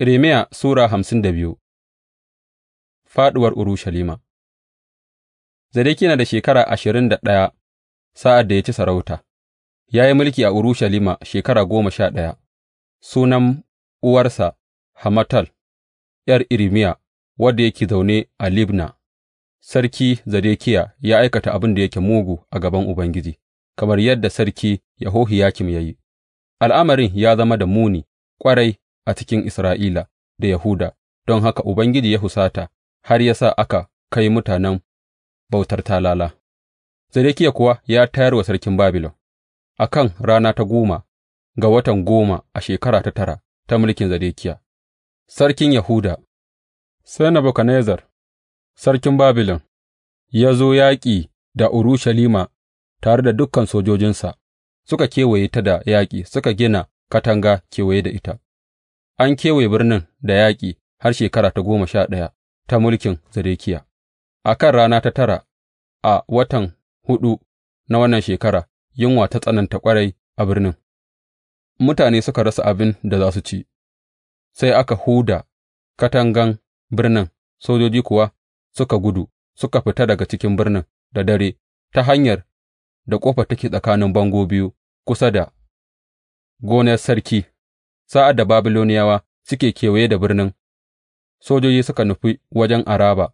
Irmiya Sura hamsin da biyu Faɗuwar Urushalima Zedekiya na da shekara ashirin da ɗaya sa'ad da ya ci sarauta, ya yi mulki a Urushalima shekara goma sha ɗaya, sunan uwarsa Hamatal, ’yar Irmiya, wadda yake zaune a Libna, Sarki Zedekiya ya aikata abin da yake mugu a gaban Ubangiji, kamar yadda Sarki Yahohiyakim ya yi, al'amarin ya zama da muni ƙwarai. a cikin Isra'ila da Yahuda, don haka Ubangiji ya husata har ya sa aka kai mutanen bautar talala. Zedekiya kuwa ya tayar wa sarkin Babilon a kan rana ta goma ga watan goma a shekara ta tara ta mulkin Zedekiya, sarkin Yahuda, sai Nebuchadnezzar, sarkin Babilon, ya zo yaƙi da Urushalima tare da dukan sojojinsa, suka kewaye ta da yaƙi suka gina katanga kewaye da ita. An kewaye birnin da yaƙi har shekara ta goma sha ɗaya ta mulkin Zedekiya, a kan rana ta tara a watan huɗu na wannan shekara, yunwa ta tsananta ƙwarai a birnin, mutane suka rasa abin da za su ci, sai aka huda katangan birnin, sojoji kuwa suka gudu suka fita daga cikin birnin da dare ta hanyar da ƙofar take tsakanin bango biyu kusa da gonar sarki. Sa'ad da Babiloniyawa suke kewaye da birnin, sojoji suka nufi wajen Araba,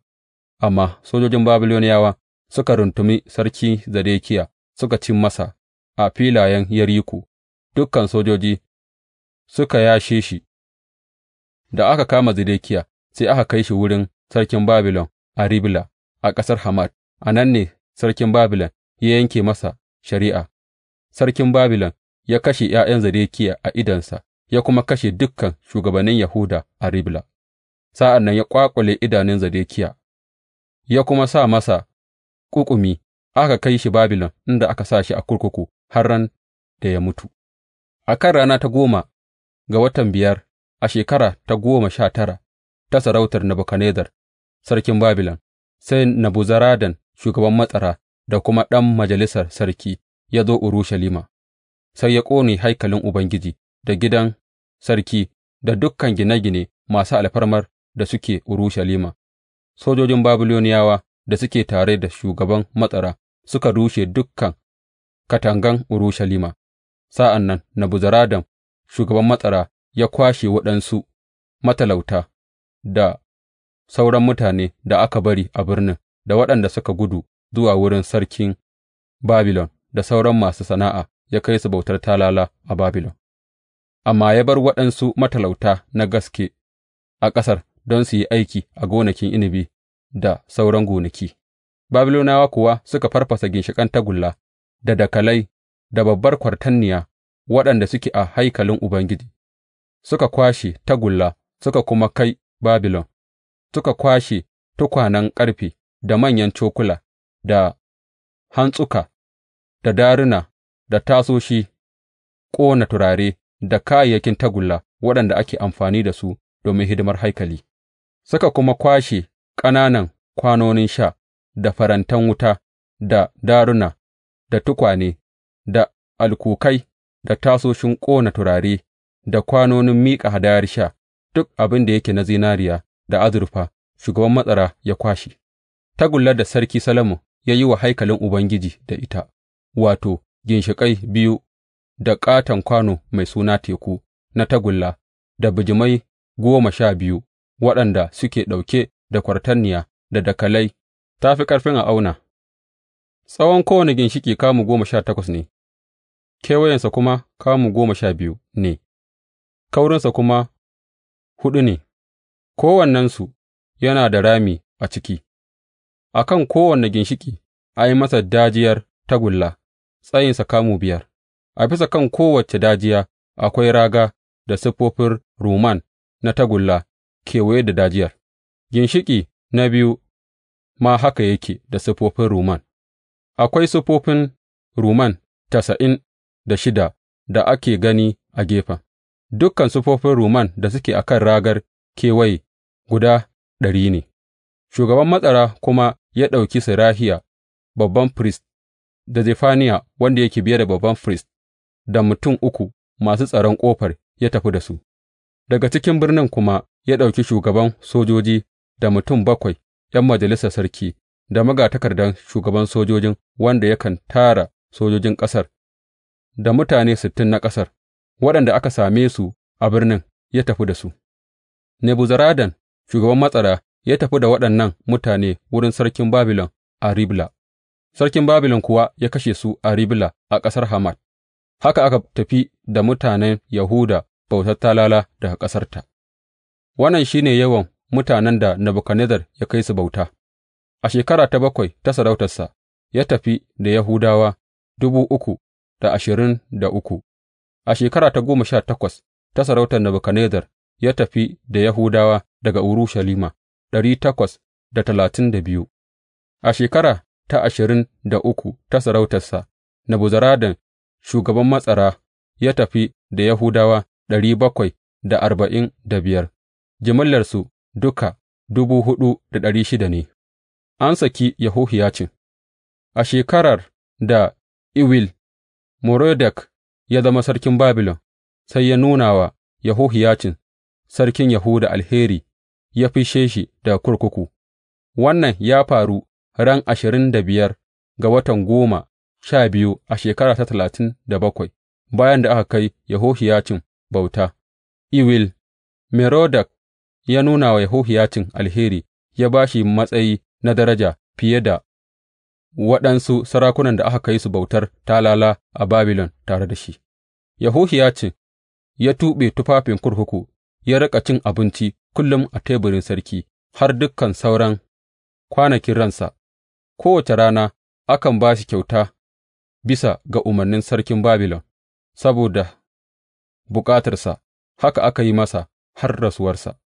amma sojojin Babiloniyawa suka runtumi Sarki Zedekiya suka cin masa a filayen Yeriko, dukan sojoji suka yashe shi, da aka kama Zedekiya, sai aka kai shi wurin sarkin Babilon a Ribla a ƙasar Hamad. a nan ne sarkin Babilon ya yanke masa shari'a, sarkin Babilon ya kashe ’ya'yan Zedekiya a idonsa. ya kuma kashe dukan shugabannin Yahuda a Ribla, sa'an nan ya ƙwaƙule idanun Zedekiya, ya kuma sa masa ƙuƙumi, aka kai shi Babilon inda aka sa shi a kurkuku har ran da ya mutu. A kan rana ta goma ga watan biyar a shekara ta goma sha tara ta sarautar Nebukadnezzar sarkin Babilon, sai Nebuzaradan shugaban matsara da kuma ɗan majalisar sarki ya zo Urushalima, sai ya ƙone haikalin Ubangiji da gidan sarki da dukan gine gine masu alfarmar da suke Urushalima, sojojin Babiloniyawa da suke tare da shugaban matsara suka rushe dukan katangan Urushalima, sa'an nan Nabuzaradan shugaban matsara ya kwashe waɗansu matalauta da sauran mutane da aka bari a birnin da waɗanda suka gudu zuwa wurin sarkin Babilon da sauran masu sana'a ya kai su bautar talala a Babilon. amma ya bar waɗansu matalauta na gaske a ƙasar don su yi aiki a gonakin inabi da sauran gonaki, Babilonawa kuwa suka farfasa ginshiƙan tagulla da dakalai da babbar kwartanniya waɗanda suke a haikalin Ubangiji, suka kwashe tagulla suka kuma kai Babilon, suka kwashe tukwanen ƙarfe da manyan cokula da hantsuka da daruna da tasoshi ƙona turare da kayayyakin tagulla waɗanda ake amfani da su domin hidimar haikali, suka kuma kwashe ƙananan kwanonin sha, da farantan wuta, da daruna, da tukwane, da alkukai, da tasoshin ƙona turare, da kwanonin miƙa hadayar sha, duk abin da yake na zinariya da azurfa, shugaban matsara ya kwashe, tagullar da Sarki Salamu ya yi wa haikalin Ubangiji da ita, wato, ginshiƙai biyu da ƙaton kwano mai suna Teku na tagulla da bijimai goma sha biyu waɗanda suke ɗauke da kwatarniya da dakalai ta fi ƙarfin a auna, tsawon kowane ginshiƙi kamu goma sha takwas ne, kewayensa kuma kamu goma sha biyu ne, kaurinsa kuma huɗu ne, kowannensu yana da rami a ciki, a kan kowane ginshiƙi a yi masa dajiyar tagulla, tsayinsa kamu biyar. A bisa kan kowace dajiya akwai raga da siffofin rumman na tagulla kewaye da dajiyar, ginshiƙi na biyu ma haka yake da siffofin rumman, akwai siffofin rumman tasa'in da shida da ake gani a gefen, Dukkan siffofin rumman da suke a kan ragar kewaye guda ɗari ne, shugaban matsara kuma ya ɗauki Serahiya babban firist da Zefaniya wanda yake biye da babban firist. da mutum uku masu tsaron ƙofar ya tafi da su, daga cikin birnin kuma ya ɗauki shugaban sojoji da mutum bakwai ’yan majalisar sarki da magatakardan shugaban sojojin wanda yakan tara sojojin ƙasar da mutane sittin na ƙasar, waɗanda aka same su a birnin ya tafi da su. Nebuzaradan, shugaban matsara, ya tafi da waɗannan mutane wurin sarkin Babilon a Ribla, sarkin Babilon kuwa ya kashe su a Ribla a ƙasar Hamat. Haka aka tafi da mutanen Yahuda bautar talala daga ƙasarta, wannan shi ne yawan mutanen da Nebukadnezzar ya kai su bauta, a shekara ta bakwai ta sarautarsa, ya tafi da Yahudawa dubu uku da ashirin da uku, a shekara ta goma sha takwas ta sarautar Nebukadnezzar ya tafi da Yahudawa daga Urushalima ɗari takwas da talatin da biyu, a shekara ta ashirin da uku ta sarautarsa, Nebuzaradan shugaban matsara, ya tafi da Yahudawa ɗari bakwai da arba'in da biyar, jimillarsu duka dubu hudu da ɗari shida ne, an saki Yehohiyacin a shekarar da Iwil Merodak ya zama sarkin Babilon, sai ya nuna wa Yehohiyacin sarkin Yahuda alheri ya fishe shi da kurkuku, wannan ya faru ran ashirin da biyar ga watan goma sha biyu a shekara ta talatin da bakwai bayan da aka kai Yahohiyacin bauta, Iwil Merodak ya nuna wa Yehohiyacin alheri ya ba shi matsayi na daraja fiye da waɗansu sarakunan da aka kai su bautar talala a Babilon tare da shi. Yehohiyacin ya tuɓe tufafin kurkuku ya riƙa cin abinci kullum a teburin sarki har dukkan sauran kwanakin ransa, kowace rana akan ba shi kyauta bisa ga umarnin sarkin Babilon, saboda bukatarsa, haka aka yi masa har rasuwarsa.